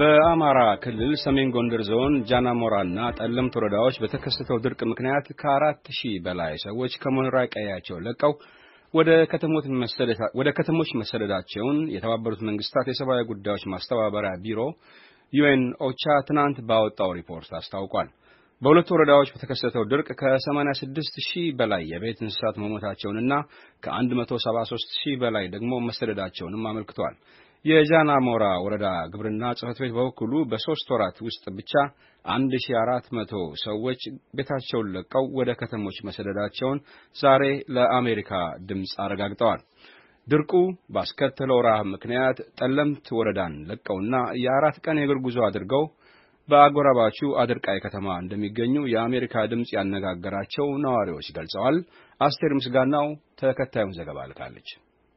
በአማራ ክልል ሰሜን ጎንደር ዞን ጃናሞራና ጠለምት ወረዳዎች በተከሰተው ድርቅ ምክንያት ከአራት ሺህ በላይ ሰዎች ከመኖሪያ ቀያቸው ለቀው ወደ ከተሞች መሰደዳቸውን የተባበሩት መንግስታት የሰብአዊ ጉዳዮች ማስተባበሪያ ቢሮ ዩኤን ኦቻ ትናንት ባወጣው ሪፖርት አስታውቋል። በሁለቱ ወረዳዎች በተከሰተው ድርቅ ከ86 ሺህ በላይ የቤት እንስሳት መሞታቸውንና ከ173 ሺህ በላይ ደግሞ መሰደዳቸውንም አመልክቷል። የጃናሞራ ወረዳ ግብርና ጽህፈት ቤት በበኩሉ በሦስት ወራት ውስጥ ብቻ 1400 ሰዎች ቤታቸውን ለቀው ወደ ከተሞች መሰደዳቸውን ዛሬ ለአሜሪካ ድምፅ አረጋግጠዋል። ድርቁ ባስከተለው ረሃብ ምክንያት ጠለምት ወረዳን ለቀውና የአራት ቀን የእግር ጉዞ አድርገው በአጎራባቹ አድርቃይ ከተማ እንደሚገኙ የአሜሪካ ድምፅ ያነጋገራቸው ነዋሪዎች ገልጸዋል። አስቴር ምስጋናው ተከታዩን ዘገባ ልካለች።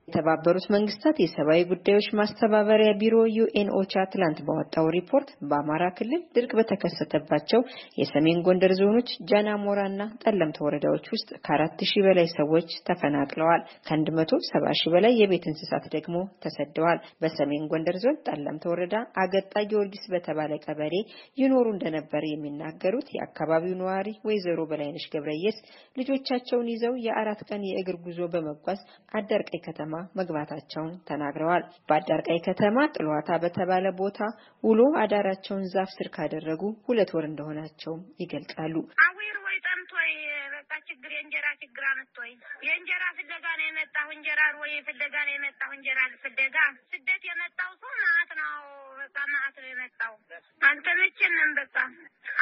የተባበሩት መንግስታት የሰብአዊ ጉዳዮች ማስተባበሪያ ቢሮ ዩኤን ትላንት ባወጣው ሪፖርት በአማራ ክልል ድርቅ በተከሰተባቸው የሰሜን ጎንደር ዞኖች ጃናሞራ እና ጠለምተ ወረዳዎች ውስጥ ከአራት ሺህ በላይ ሰዎች ተፈናቅለዋል። ከአንድ መቶ ሰባ ሺህ በላይ የቤት እንስሳት ደግሞ ተሰደዋል። በሰሜን ጎንደር ዞን ጠለምተ ወረዳ አገጣ ጊዮርጊስ በተባለ ቀበሌ ይኖሩ እንደነበር የሚናገሩት የአካባቢው ነዋሪ ወይዘሮ በላይነሽ ገብረየስ ልጆቻቸውን ይዘው የአራት ቀን የእግር ጉዞ በመጓዝ አዳርቀይ ከተማ ከተማ መግባታቸውን ተናግረዋል። በአዳርቃይ ከተማ ጥሏታ በተባለ ቦታ ውሎ አዳራቸውን ዛፍ ስር ካደረጉ ሁለት ወር እንደሆናቸው ይገልጻሉ። ችግር የእንጀራ ችግር የእንጀራ ፍለጋ ነው የመጣሁ። እንጀራ ወይ ፍለጋ ነው የመጣሁ። እንጀራ ፍለጋ ስደት የመጣው ሰው ማአት ነው። በቃ ማአት ነው የመጣው። አልተመቸንም። በቃ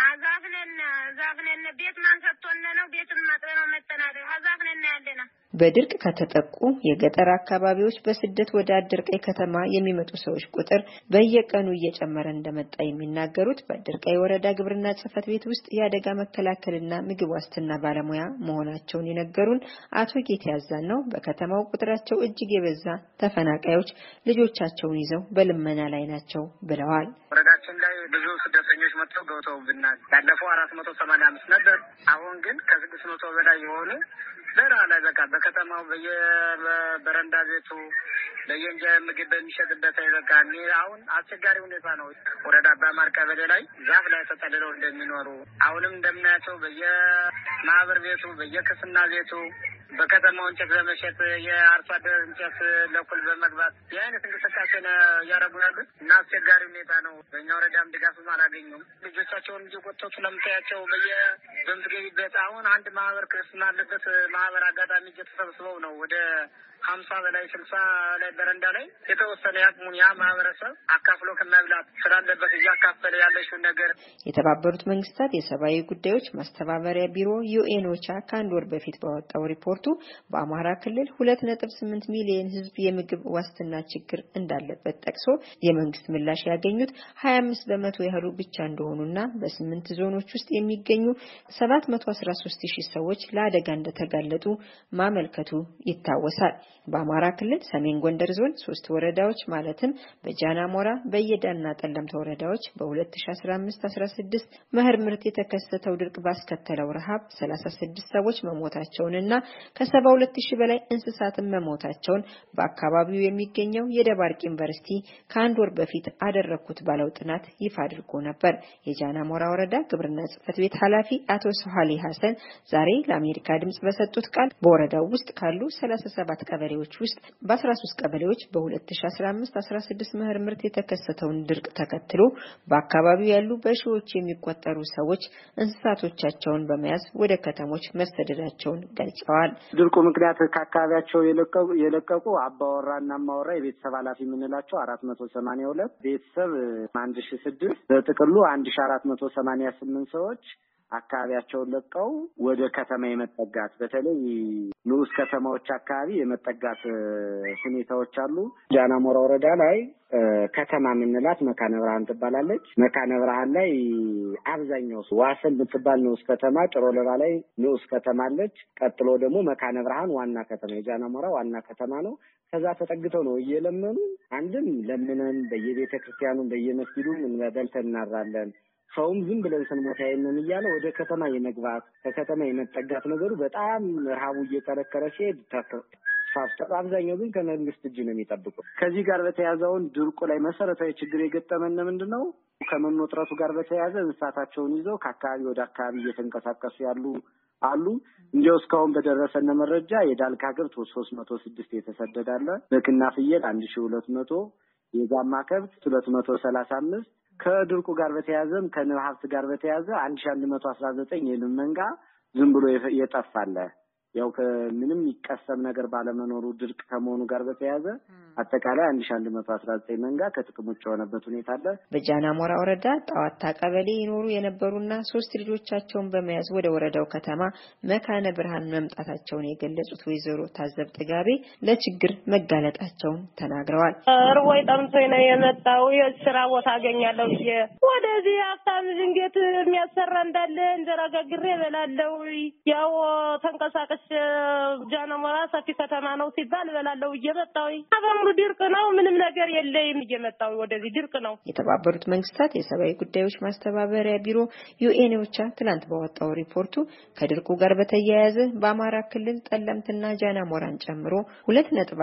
አዛፍነን ዛፍነን ቤት ማንሰጥቶነ ነው ቤትን ማጥበ ነው መጠ በድርቅ ከተጠቁ የገጠር አካባቢዎች በስደት ወደ ቀይ ከተማ የሚመጡ ሰዎች ቁጥር በየቀኑ እየጨመረ እንደመጣ የሚናገሩት ቀይ ወረዳ ግብርና ጽሕፈት ቤት ውስጥ የአደጋ መከላከልና ምግብ ዋስትና ባለሙያ መሆናቸውን የነገሩን አቶ ጌት ያዛን ነው። በከተማው ቁጥራቸው እጅግ የበዛ ተፈናቃዮች ልጆቻቸውን ይዘው በልመና ላይ ናቸው ብለዋል። ወረዳችን ላይ ብዙ ስደተኞች መጥተው ገብተውብናል። ያለፈው አራት መቶ ሰማንያ አምስት ነበር። አሁን ግን ከስድስት መቶ በላይ የሆኑ በረሃ ላይ በቃ በከተማው በየበረንዳ ቤቱ በየእንጀ ምግብ በሚሸጥበት ላይ በቃ አሁን አስቸጋሪ ሁኔታ ነው። ወረዳ አባማር ቀበሌ ላይ ዛፍ ላይ ተጠልለው እንደሚኖሩ አሁንም እንደምናያቸው በየማህበር ቤቱ በየክስና ቤቱ በከተማው እንጨት በመሸጥ የአርሶ አደር እንጨት ለኩል በመግባት የአይነት እንቅስቃሴ እያደረጉ ያሉት እና አስቸጋሪ ሁኔታ ነው። በእኛ ወረዳም ድጋፍም አላገኙም። ልጆቻቸውን እየቆጠቱ ለምታያቸው በየ በምትገቢበት አሁን አንድ ማህበር ክርስትና አለበት ማህበር አጋጣሚ እየተሰብስበው ነው ወደ ሀምሳ በላይ ስልሳ ላይ በረንዳ ላይ የተወሰነ ያቅሙን ያ ማህበረሰብ አካፍሎ ከመብላት ስላለበት እያካፈለ ያለችውን ነገር የተባበሩት መንግስታት የሰብአዊ ጉዳዮች ማስተባበሪያ ቢሮ ዩኤን ኦቻ ከአንድ ወር በፊት ባወጣው ሪፖርት ሲያመርቱ በአማራ ክልል 2.8 ሚሊዮን ህዝብ የምግብ ዋስትና ችግር እንዳለበት ጠቅሶ የመንግስት ምላሽ ያገኙት 25 በመቶ ያህሉ ብቻ እንደሆኑና በስምንት ዞኖች ውስጥ የሚገኙ 713 ሺህ ሰዎች ለአደጋ እንደተጋለጡ ማመልከቱ ይታወሳል። በአማራ ክልል ሰሜን ጎንደር ዞን ሶስት ወረዳዎች ማለትም በጃና ሞራ፣ በየዳና ጠለምተ ወረዳዎች በ2015/16 መኸር ምርት የተከሰተው ድርቅ ባስከተለው ረሃብ 36 ሰዎች መሞታቸውንና ከ72 ሺህ በላይ እንስሳትን መሞታቸውን በአካባቢው የሚገኘው የደባርቅ ዩኒቨርሲቲ ከአንድ ወር በፊት አደረግኩት ባለው ጥናት ይፋ አድርጎ ነበር። የጃና ሞራ ወረዳ ግብርና ጽህፈት ቤት ኃላፊ አቶ ሶሃሊ ሀሰን ዛሬ ለአሜሪካ ድምጽ በሰጡት ቃል በወረዳው ውስጥ ካሉ 37 ቀበሌዎች ውስጥ በ13 ቀበሌዎች በ2015 16 መኸር ምርት የተከሰተውን ድርቅ ተከትሎ በአካባቢው ያሉ በሺዎች የሚቆጠሩ ሰዎች እንስሳቶቻቸውን በመያዝ ወደ ከተሞች መሰደዳቸውን ገልጸዋል። ድርቁ ምክንያት ከአካባቢያቸው የለቀቁ አባወራ እና እማወራ የቤተሰብ ኃላፊ የምንላቸው አራት መቶ ሰማኒያ ሁለት ቤተሰብ አንድ ሺ ስድስት በጥቅሉ አንድ ሺ አራት መቶ ሰማኒያ ስምንት ሰዎች አካባቢያቸውን ለቀው ወደ ከተማ የመጠጋት በተለይ ንዑስ ከተማዎች አካባቢ የመጠጋት ሁኔታዎች አሉ። ሞራ ወረዳ ላይ ከተማ የምንላት መካነ ብርሃን ትባላለች። መካነ ብርሃን ላይ አብዛኛው ዋሰን የምትባል ንዑስ ከተማ፣ ጭሮ ለባ ላይ ንዑስ ከተማ አለች። ቀጥሎ ደግሞ መካነ ብርሃን ዋና ከተማ ሞራ ዋና ከተማ ነው። ከዛ ተጠግተው ነው እየለመኑ አንድም ለምነን በየቤተ ክርስቲያኑም በየመስጊዱም እናራለን ሰውም ዝም ብለን ስንሞታ የለን እያለ ወደ ከተማ የመግባት ከከተማ የመጠጋት ነገሩ በጣም ረሃቡ እየጠረከረ ሲሄድ ተስፋፍቷል። አብዛኛው ግን ከመንግስት እጅ ነው የሚጠብቁት። ከዚህ ጋር በተያያዘውን ድርቁ ላይ መሰረታዊ ችግር የገጠመን ምንድን ነው? ከመኖ እጥረቱ ጋር በተያያዘ እንስሳታቸውን ይዘው ከአካባቢ ወደ አካባቢ እየተንቀሳቀሱ ያሉ አሉ። እንዲያው እስካሁን በደረሰነ መረጃ የዳልካ ከብት ሶስት መቶ ስድስት የተሰደዳለ፣ በግና ፍየል አንድ ሺ ሁለት መቶ የጋማ ከብት ሁለት መቶ ሰላሳ አምስት ከድርቁ ጋር በተያያዘም ከንብ ሀብት ጋር በተያያዘ አንድ ሺ አንድ መቶ አስራ ዘጠኝ የንብ መንጋ ዝም ብሎ የጠፋለ ያው ምንም ይቀሰም ነገር ባለመኖሩ ድርቅ ከመሆኑ ጋር በተያያዘ አጠቃላይ አንድ ሺ አንድ መቶ አስራ ዘጠኝ መንጋ ከጥቅም ውጭ የሆነበት ሁኔታ አለ። በጃና ሞራ ወረዳ ጣዋታ ቀበሌ ይኖሩ የነበሩና ሶስት ልጆቻቸውን በመያዝ ወደ ወረዳው ከተማ መካነ ብርሃን መምጣታቸውን የገለጹት ወይዘሮ ታዘብ ጥጋቤ ለችግር መጋለጣቸውን ተናግረዋል። ርቦይ ጠምቶኝ ነው የመጣው የስራ ቦታ አገኛለሁ ብዬ ወደዚህ ሀብታም ዝንጌት የሚያሰራ እንዳለ እንጀራ ጋግሬ እበላለሁ። ያው ተንቀሳቀሽ ጃና ሞራ ሰፊ ከተማ ነው ሲባል እበላለሁ ብዬ መጣሁ። በሙሉ ድርቅ ነው። ምንም ነገር የለይም እየመጣው ወደዚህ ድርቅ ነው። የተባበሩት መንግስታት የሰብአዊ ጉዳዮች ማስተባበሪያ ቢሮ ዩኤን ብቻ ትናንት ባወጣው ሪፖርቱ ከድርቁ ጋር በተያያዘ በአማራ ክልል ጠለምትና ጃናሞራን ጨምሮ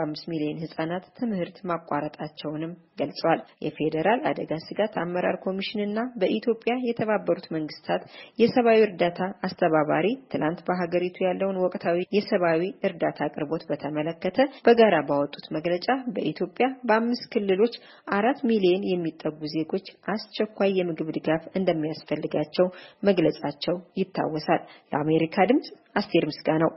አምስት ሚሊዮን ህጻናት ትምህርት ማቋረጣቸውንም ገልጿል። የፌዴራል አደጋ ስጋት አመራር ኮሚሽንና በኢትዮጵያ የተባበሩት መንግስታት የሰብአዊ እርዳታ አስተባባሪ ትናንት በሀገሪቱ ያለውን ወቅታዊ የሰብአዊ እርዳታ አቅርቦት በተመለከተ በጋራ ባወጡት መግለጫ በኢትዮጵያ በአምስት ክልሎች አራት ሚሊዮን የሚጠጉ ዜጎች አስቸኳይ የምግብ ድጋፍ እንደሚያስፈልጋቸው መግለጻቸው ይታወሳል። ለአሜሪካ ድምጽ አስቴር ምስጋናው